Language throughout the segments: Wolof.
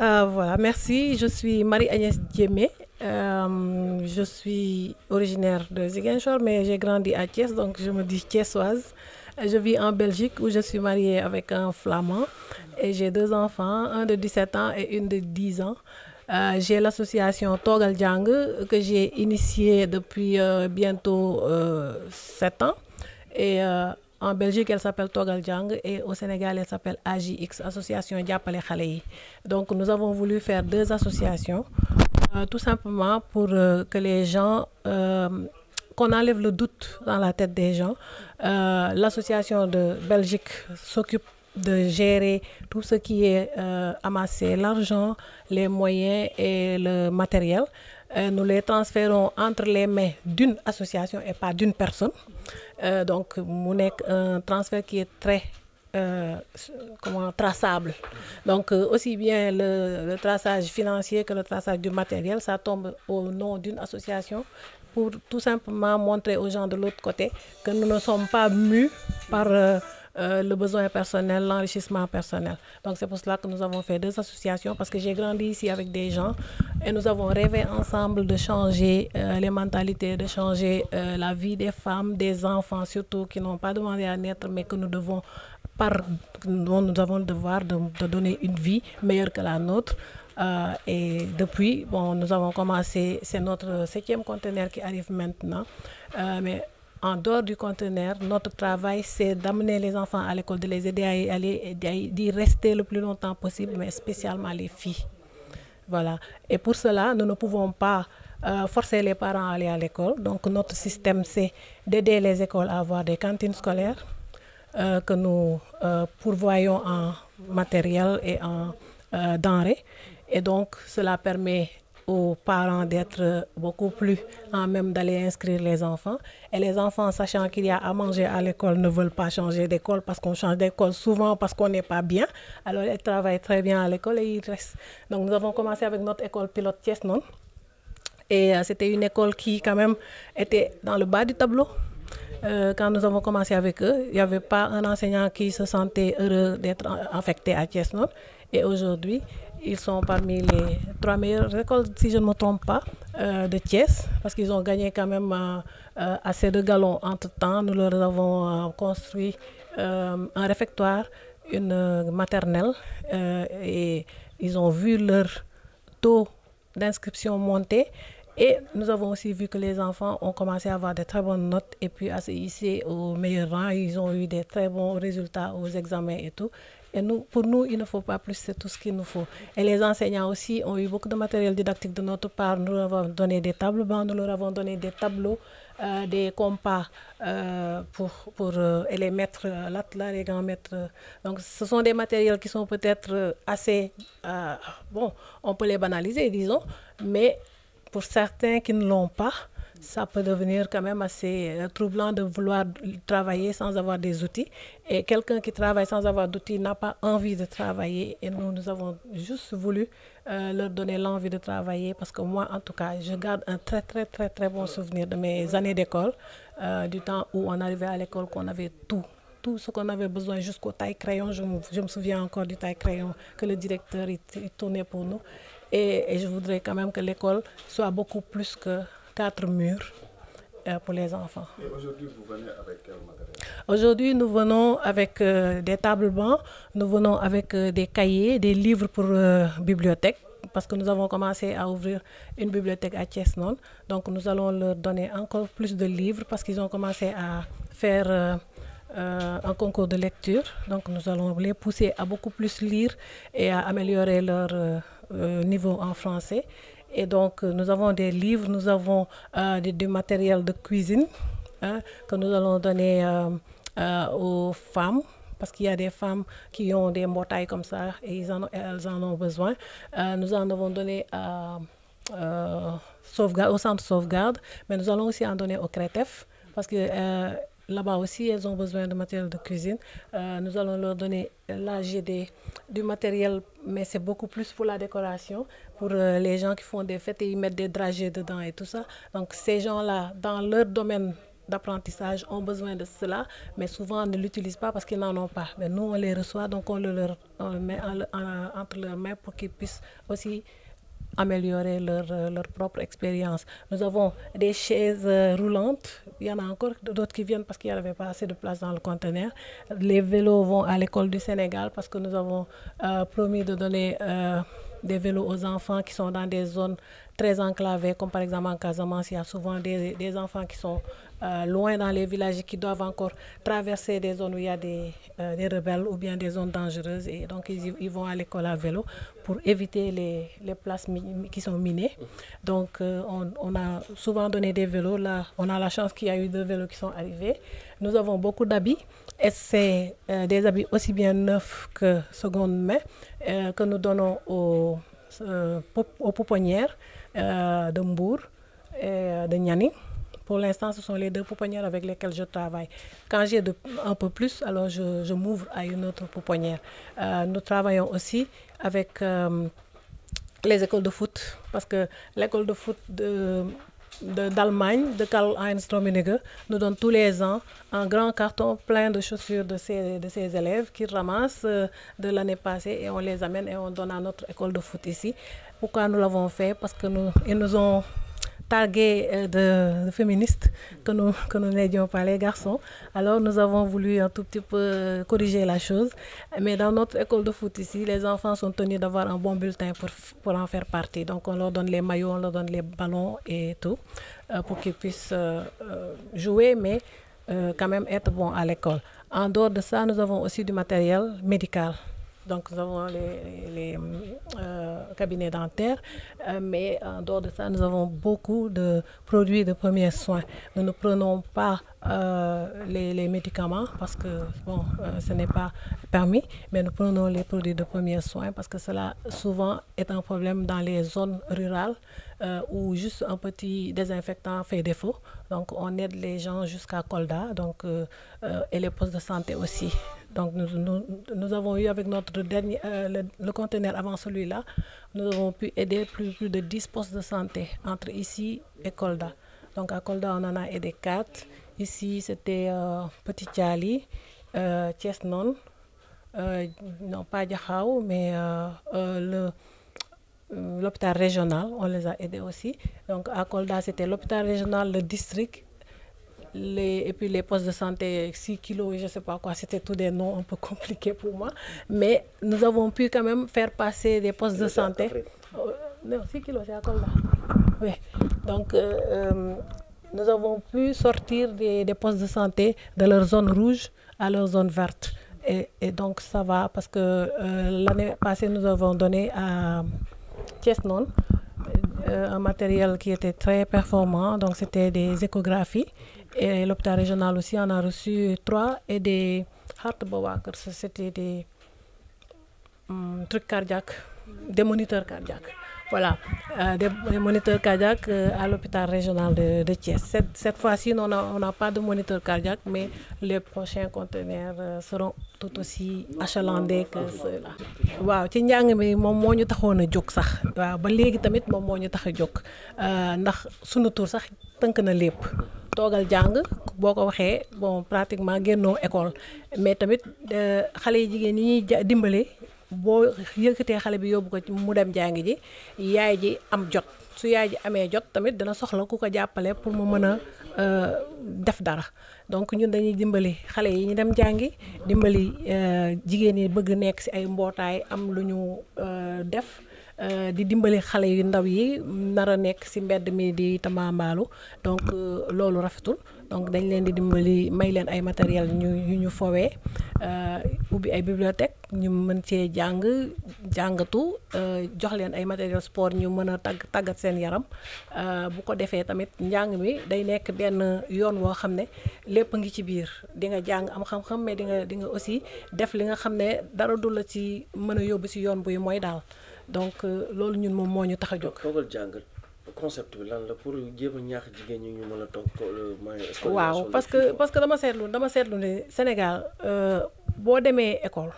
Euh, voilà, merci. Je suis Marie-Agnès Djemé. Euh, je suis originaire de Ziguinchor, mais j'ai grandi à Thiès, donc je me dis thiessoise. Je vis en Belgique où je suis mariée avec un flamand et j'ai deux enfants, un de 17 ans et une de 10 ans. Euh, j'ai l'association Togal Djang que j'ai initiée depuis euh, bientôt 7 euh, ans. En Belgique, elle s'appelle Togal Jang et au Sénégal, elle s'appelle AJX, Association Diapalé Khaleyi. Donc, nous avons voulu faire deux associations, euh, tout simplement pour euh, que les gens, euh, qu'on enlève le doute dans la tête des gens. Euh, l'association de Belgique s'occupe de gérer tout ce qui est euh, amassé, l'argent, les moyens et le matériel. Euh, nous les transférons entre les mains d'une association et pas d'une personne euh, donc mu nekk un transfert qui est très Euh, comment traçable. Donc euh, aussi bien le, le, traçage financier que le traçage du matériel, ça tombe au nom d'une association pour tout simplement montrer aux gens de l'autre côté que nous ne sommes pas mus euh, le besoin personnel, l'enrichissement personnel. Donc c'est pour cela que nous avons fait deux associations parce que j'ai grandi ici avec des gens et nous avons rêvé ensemble de changer euh, les mentalités, de changer euh, la vie des femmes, des enfants surtout qui n'ont pas demandé à naître mais que nous devons par nous, avons le devoir de, de donner une vie meilleure que la nôtre. Euh, et depuis, bon, nous avons commencé, c'est notre septième conteneur qui arrive maintenant. Euh, en dehors du conteneur, notre travail, c'est d'amener les enfants à l'école, de les aider à d'y rester le plus longtemps possible, mais spécialement les filles. Voilà. Et pour cela, nous ne pouvons pas euh, forcer les parents à l'école. Donc notre système, c'est d'aider les écoles à avoir des cantines scolaires euh, que nous euh, pourvoyons en matériel et en euh, denrées. Et donc, cela permet aux parents d'être beaucoup plus en même d'aller inscrire les enfants. Et les enfants, sachant qu'il y a à manger à l'école, ne veulent pas changer d'école parce qu'on change d'école souvent parce qu'on n'est pas bien. Alors, ils travaillent très bien à l'école et ils restent. Donc, nous avons commencé avec notre école pilote Thiès, non Et euh, c'était une école qui, quand même, était dans le bas du tableau. Euh, quand nous avons commencé avec eux, il avait pas un enseignant qui se sentait Ils sont parmi les trois meilleures écoles, si je ne me trompe pas, euh, de Thiès, parce qu'ils ont gagné quand même euh, euh assez de galons entre-temps. Nous leur avons euh, construit un réfectoire, une maternelle, et ils ont vu leur taux d'inscription monter. Et nous avons aussi vu que les enfants ont commencé à avoir de très bonnes notes et puis à se hisser au meilleur Ils ont eu des très bons résultats aux examens et tout. Et nous, pour nous, il ne faut pas plus, c'est tout ce qu'il nous faut. Et les enseignants aussi ont eu beaucoup de matériel didactique de notre part. Nous leur avons donné des tables bancs, tableaux, euh, des compas euh, pour, pour mètres euh, et les maîtres, les grands maîtres. Donc, ce sont des matériels qui sont peut-être assez, bon, on peut les banaliser, disons, mais pour certains qui ne l'ont pas, ça peut devenir quand même euh, de vouloir travailler sans avoir des outils. Et quelqu'un qui travaille sans avoir d'outils n'a pas envie de travailler. Et nous, avons juste voulu euh, leur donner l'envie de travailler parce que moi, en tout cas, je garde un très, très, très, bon souvenir de mes années d'école, euh, du temps où on arrivait à l'école, qu'on avait tout ce qu'on avait besoin jusqu'au taille-crayon. Je, me souviens encore du taille-crayon que le directeur il, il pour nous. Et, et, quatre murs euh, pour les enfants. Et aujourd'hui, nous venons avec euh, des tables bancs, nous venons avec euh, des cahiers, des livres pour euh, bibliothèque, parce que nous avons commencé à ouvrir une bibliothèque à Thiès Nord. Donc nous allons leur donner encore plus de livres parce qu'ils ont commencé à faire un concours de lecture. Donc nous allons les pousser à beaucoup plus lire et à améliorer leur niveau en français. Et donc, euh, nous avons des livres, nous avons euh, du, du, de cuisine hein, que nous allons donner euh, euh, aux femmes. Parce qu'il y a des femmes qui ont des mortailles comme ça et ils en, elles en ont besoin. nous en avons donné à, sauvegarde, au centre sauvegarde, mais nous allons aussi en donner au CRETEF parce que là-bas aussi, elles ont besoin de matériel de cuisine. Euh, nous allons leur donner l'AGD du matériel, mais c'est beaucoup plus pour la décoration. pour euh, les gens qui font des fêtes et ils mettent des dragées dedans et tout ça. Donc ces gens-là, dans leur domaine d'apprentissage, ont besoin de cela, mais souvent ne l'utilisent pas parce qu'ils n'en ont pas. Mais nous, on les reçoit, donc on le leur le met en, en, entre leurs mains pour qu'ils puissent aussi améliorer leur, euh, propre expérience. Nous avons des chaises euh, roulantes, il y a encore d'autres qui viennent parce qu'il n'y avait pas assez de place dans le conteneur. Les vélos vont Sénégal parce que nous euh, de des vélos aux enfants qui sont dans des zones très enclavées, comme par exemple en Casamance, il y a souvent des, des enfants qui sont euh, loin dans les villages et qui doivent encore traverser des zones où il y a des, euh, des rebelles ou bien des zones dangereuses. Et donc, ils, ils vont à l'école à vélo pour éviter les, les places qui sont minées. Donc, euh, on, on, a souvent donné des vélos. Là, on a la chance qu'il y a eu deux vélos qui sont arrivés. Nous avons beaucoup d'habits. Et c'est euh, des habits aussi bien neufs que seconde main euh, que nous donnons aux, euh, aux pouponnières euh, de Mbour et euh, de Niani. Pour l'instant, ce sont les deux pouponnières avec lesquelles je travaille. Quand j'ai un peu plus, alors je, je m'ouvre à une autre pouponnière. nous travaillons aussi avec les écoles de foot parce que l'école de foot de d'Allemagne, de Karl Heinz Rummenigge, nous donne tous les ans en grand carton plein de chaussures de ses, de ses élèves qu'ils ramassent euh, de l'année passée et on les et on donne notre école de foot ici. Pourquoi nous l'avons fait Parce que nous, nous ont tagués euh, de, de, féministes que nous, que nous n'aidions pas les garçons. nous avons voulu un tout petit peu euh, corriger la chose. Mais dans notre école de foot si les enfants sont tenus d'avoir un bon bulletin pour, pour en faire partie. Donc on leur donne les maillots, on leur donne les ballons et tout euh, pour qu'ils puissent jouer, mais quand même être bons à l'école. En dehors de ça, nous avons aussi du matériel médical. donc nous avons les, les euh, cabinets dentaires, euh, mais en dehors de ça, nous avons beaucoup de produits de premiers soins. Nous ne prenons pas euh, les, les, médicaments parce que bon, euh, ce n'est pas permis, mais nous prenons les produits de premiers soins parce que cela souvent est un problème dans les zones rurales euh, où juste un petit désinfectant fait défaut. Donc on aide les gens jusqu'à Kolda donc, et les postes de santé aussi. Donc nous, nous, nous, avons eu avec notre dernier, euh, le, le, conteneur avant celui-là, nous avons pu aider plus, de 10 postes de santé entre ici et Kolda. Donc à Kolda, on en a aidé 4. Ici, c'était euh, Petit Tchali, euh, Chesnon, euh, non pas Djahao, mais euh, euh, le l'hôpital régional, on les a aidés aussi. Donc à Kolda, c'était l'hôpital régional, le district les, et puis les postes de santé, 6 kilos, je ne sais pas quoi, c'était tous des noms un peu compliqués pour moi. Mais nous avons pu quand même faire passer des postes de santé. Euh, non, 6 kilos, c'est à Kolda. Oui. Donc, euh, euh, nous avons pu sortir des, des, postes de santé de leur zone rouge à leur zone verte. Et, et donc, ça va parce que euh, l'année passée, nous avons donné à Tiesnon euh, un matériel qui était très performant. Donc, c'était des échographies Et l'hôpital régional aussi en a reçu trois et des heart bowakers, c'était des hum, trucs cardiaques, des moniteurs cardiaques. Voilà, euh, des, des, moniteurs cardiaques euh, à l'hôpital régional de, de Thiès. Cette, cette fois-ci, on n'a pas de moniteur cardiaque, mais les prochains conteneurs euh, seront tout aussi achalandés que ceux waaw ci njàng mi moom moo ñu taxoon a jóg sax waaw ba léegi tamit moom moo ñu tax a jóg euh, ndax sunu tur sax tënk na lépp. toogal jàng boo ko waxee bon pratiquement génnoo école mais tamit euh, xale yi jigéen ñi ñuy dimbale boo yëkkatee xale bi yóbbu ko ci mu dem jàngi ji yaay ji am jot su yaay ji amee jot tamit dana soxla ku ko jàppale pour mu mën a euh, def dara donc ñun dañuy dimbali xale yi ñu dem jàngi dimbali euh, jigéen yi bëgg nekk ci ay mbootaay am lu ñu def Euh, di dimbali xale yu ndaw yi nar a nekk ci mbedd mi di tamaambaalu donc euh, loolu rafetul donc dañ leen di dimbali may leen ay matériel ñu yu ñu fowee euh, ubbi ay bibliothèque ñu mën cee jàng jàngatu jox leen ay matériel sport ñu mën a tàgg tàggat seen yaram bu ko defee tamit njàng mi day nekk benn yoon woo xam ne lépp ngi ci biir di nga jàng am xam-xam mais di nga di nga aussi def li nga xam ne dara du la ci mën a yóbbu ci yoon buy mooy daal donc euh, loolu ñun moom moo ñu tax a jóg. toogal jàngal concept lan la pour jéem a ñaax jigéen ñi ñu mën a toog waaw parce que parce que dama seetlu dama seetlu ne Sénégal euh, boo demee école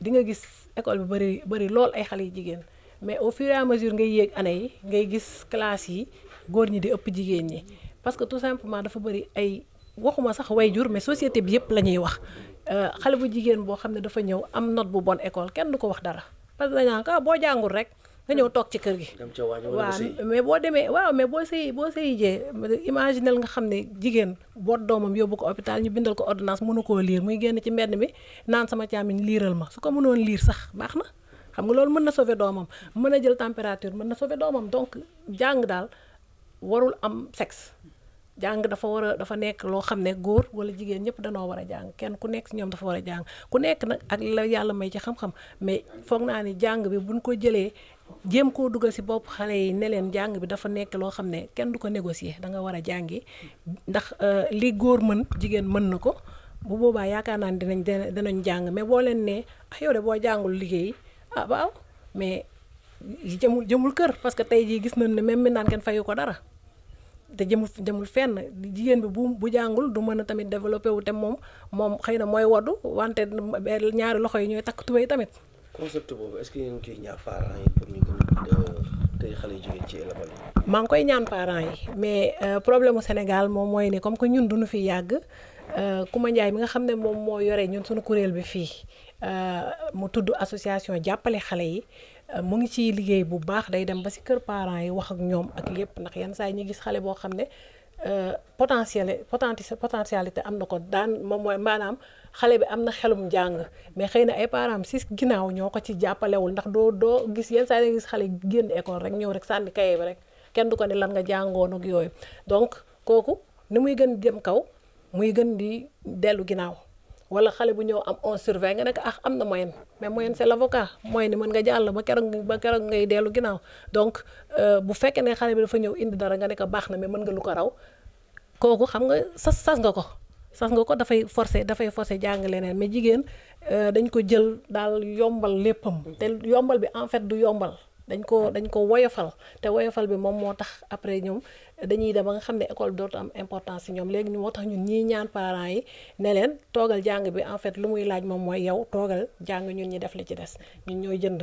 di nga gis école bi bëri bëri lool ay xale yu jigéen mais au fur et à mesure ngay yéeg année yi ngay gis classe yi góor ñi di ëpp jigéen ñi parce que tout simplement dafa bëri ay waxuma sax way-jur mais société bi yëpp la ñuy wax euh, xale bu jigéen boo xam ne dafa ñëw am note bu bon école kenn du ko wax dara. parce que dañ naan ah, boo jàngul rek nga ñëw toog ci kër gi. waa mais boo demee waaw mais boo sëy boo sëy jee imaginel nga xam ne jigéen boot doomam yóbbu ko hôpital ñu bindal ko ordinance mënu koo liir muy génn ci mbenn mi naan sama càmmiñ liiral ma su ko mënoon liir sax baax na xam nga loolu mën na sauver doomam mën a jël température mën na sauver doomam donc jàng daal warul am sex jàng dafa war a dafa nekk loo xam ne góor wala jigéen ñëpp danoo war a jàng kenn ku nekk si ñoom dafa war a jàng ku nekk nag ak la yàlla may ci xam-xam mais foog naa ni jàng bi buñ ko jëlee jéem koo dugal si bopp xale yi ne leen jàng bi dafa nekk loo xam ne kenn du ko négocier da nga war a jàngi ndax euh, li góor mën jigéen mën na ko bu boobaa yaakaar naa ne dinañ dinañ jàng mais boo leen ne ah yow de boo jàngul liggéey ah waaw mais jëmul jëmul kër parce que tey jii gis nañ ne même mi naan kenn fayu ko dara te jëmu demul fenn jigéen bi bu bu jàngul du mën a tamit développé wu te moom moom xëy na mooy waddu wante ñaari loxo yi ñooy takk tubéy tamit. concept boobu est-ce que yéen koy yi pour ñu maa ngi koy ñaan parents yi mais euh, problème mu Sénégal moom mooy ne comme que ñun duñu fi yàgg ma Njaay bi nga xam ne moom moo yore ñun suñu kuréel bi fii euh, mu tudd association jàppale xale yi. mu ngi ciy liggéey bu baax day dem ba si kër parent yi wax ak ñoom ak yépp ndax yenn saa yi ñu gis xale boo xam ne euh, potentiel potentialité am na ko daan moom mooy maanaam xale bi am na xelum jàng mais xëy na ay parents si ginnaaw ñoo ko ci jàppalewul ndax doo doo gis yenn saa yi gis xale génn école rek ñëw rek sànni kaye bi rek kenn du ko ne lan nga jàngoon yooyu donc kooku ni muy gën di dem kaw muy gën di dellu ginnaaw. wala xale bu ñëw am on surveille nga nekk ah am na moyenne mais moyenne c'est l'avocat moyenne mën nga jàll ba keroog ba keroog ngay dellu ginnaaw donc euh, bu fekkee ne xale bi dafa ñëw indi dara nga nekk baax na mais mën nga lu ko raw kooku xam nga sas sas nga ko sas nga ko dafay forcer dafay forcer jàng leneen mais jigéen euh, dañ ko jël daal yombal léppam te yombal bi en fait du yombal dañ ko dañ ko woyofal te woyofal bi moom moo tax après ñoom dañuy dem ba nga xam ne école dootu am importance si ñoom léegi moo tax ñun ñii ñaan parents yi ne leen toogal jàng bi en fait lu muy laaj moom mooy yow toogal jàng ñun ñi def li ci des ñun ñooy jënd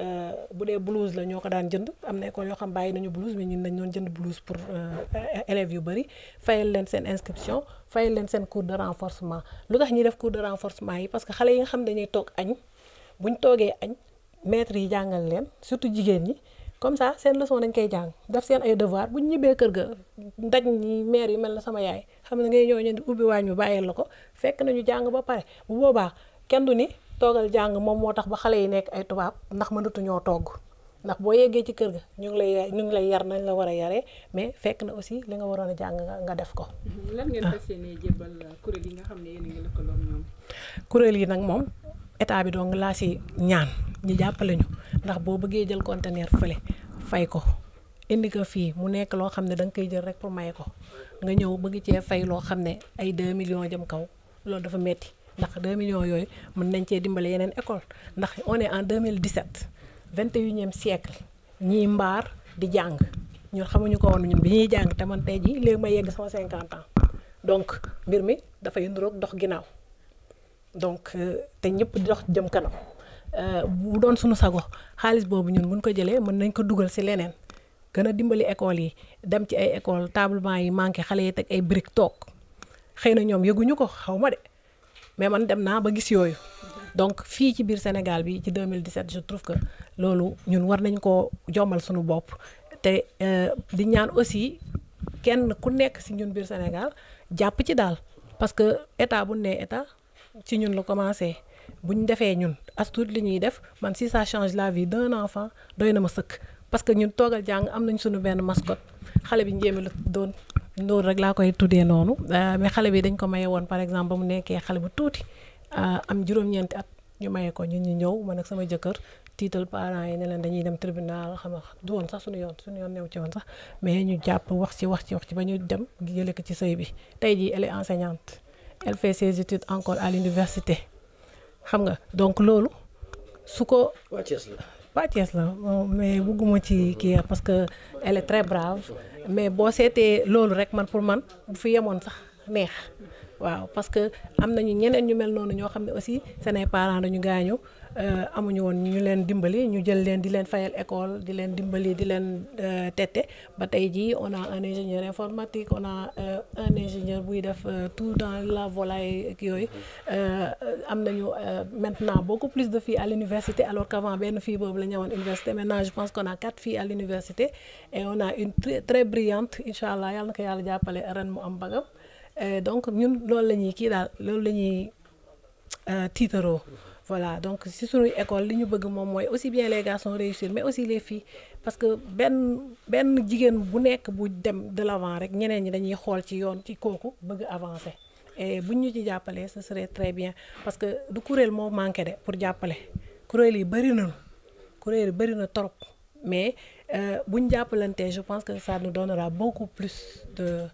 euh, bu dee blouse la ñoo ko daan jënd am na école yoo xam bàyyi nañu blouse mais ñun dañ doon jënd blouse pour euh, élèves yu bëri fayal leen seen inscription fayal leen seen cours de renforcement lu tax ñuy def cours de renforcement yi parce que xale yi nga xam dañuy toog añ buñ toogee añ maître yi jàngal leen surtout jigéen ñi comme ça seen leçon dañ koy jàng def seen ay devoir bu ñu ñibbee kër ga ndaj ñi maire yu mel na sama yaay xam ne ngay ñëw ñeen di ubbi waañ bi bàyyil la ko fekk nañu jàng ba pare bu boobaa kenn du ni toogal jàng moom moo tax ba xale yi nekk ay tubaab ndax mënatu ñoo togg ndax boo yeggee ci kër ga ñu ngi lay ñu ngi yar nañ la war a yaree mais fekk na aussi li nga waroon a jàng nga def ko. Mhm. lan ngeen fas yéenee jébbal yi nga xam ne yéen a ngi lëkkaloo kuréel yi nag moom. état bi dong laa si ñaan ñu jàppale ñu ndax boo bëggee jël conteneur fële fay ko indi ko fii mu nekk loo xam ne da nga koy jël rek pour may ko nga ñëw bëgg cee fay loo xam ne ay 2 millions jëm kaw loolu dafa metti ndax 2 millions yooyu mën nañ cee dimbale yeneen école ndax on est en 2017 21e siècle ñii mbaar di jàng ñun xamuñu ko woon ñun bi ñuy jàng te man tey jii léegi ma yegg sama 50 ans donc mbir mi dafay nuroog dox donc euh, te ñëpp di dox jëm kanam euh, bu doon suñu sago xaalis boobu ñun mun ko jëlee mën nañ ko dugal si leneen gën a dimbali école yi dem ci ay école tablement yi manqué xale yi teg ay briques toog xëy na ñoom yëguñu ko xaw ma de mais man dem naa ba gis yooyu donc fii ci biir Sénégal bi ci 2017 je trouve que loolu ñun war nañ koo jommal suñu bopp te euh, di ñaan aussi kenn ku nekk si ñun biir Sénégal jàpp ci daal parce que état bu ne état ci ñun la commencé bu ñu defee ñun as li ñuy def man si ça change la vie d'un enfant doy na ma sëkk parce que ñun toogal jàng am nañ suñu benn maskot xale bi njéemi la doon loolu rek laa koy tuddee noonu euh, mais xale bi dañ ko maye woon par exemple ba mu nekkee xale bu tuuti euh, am juróom-ñeenti at ñu maye ko ñu ñu ñëw man ak sama jëkkër tiital parents yi ne leen dañuy dem tribunal xam nga du woon sax suñu yoon suñu yoon new ci woon sax mais ñu jàpp wax ci wax ci wax ci ba ñu dem jëlee ko ci sëy bi tey ji elle est enseignante. elle fait ses études encore à l'université xam nga donc loolu su ko. pas Thiès la mais bëgguma ci kii parce que elle est très brave mais boo seetee loolu rek man pour man bu fi yemoon sax neex waaw parce que am nañu ñeneen ñu mel noonu ñoo xam ne aussi seen parent parents dañu gaañu Euh, amuñu woon ñu leen dimbali ñu jël leen di leen fayal école di leen dimbali di leen euh, tette ba tey jii on a un ingénieur informatique on a euh, un ingénieur buy def tout dans la volaille yooyu am nañu maintenant beaucoup plus de fii à l'université alors qu'avant benn fii boobu la ñëwoon université maintenant je pense qu'on a quatre filles à l'université et on a une très très brillante incha allah yàlla na ko yàlla jàppale ren mu am bagam donc ñun loolu lañuy kii daal loolu la ñuy tiitaroo voilà donc si suñuy école li ñu bëgg moom mooy aussi bien les garçons réussir mais aussi les filles parce que benn benn jigéen bu nekk bu dem de l'avant rek ñeneen ñi dañuy xool ci yoon ci kooku bëgg avancer et buñ ñu ci jàppalee ce serait très bien parce que du kuréel moo manqué de pour jàppale kuréel yi bëri nañu kuréel yi bëri na trop mais euh, buñ jàppalantee je pense que ça nous donnera beaucoup plus de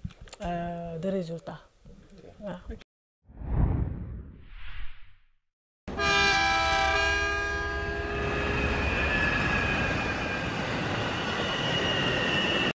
euh, de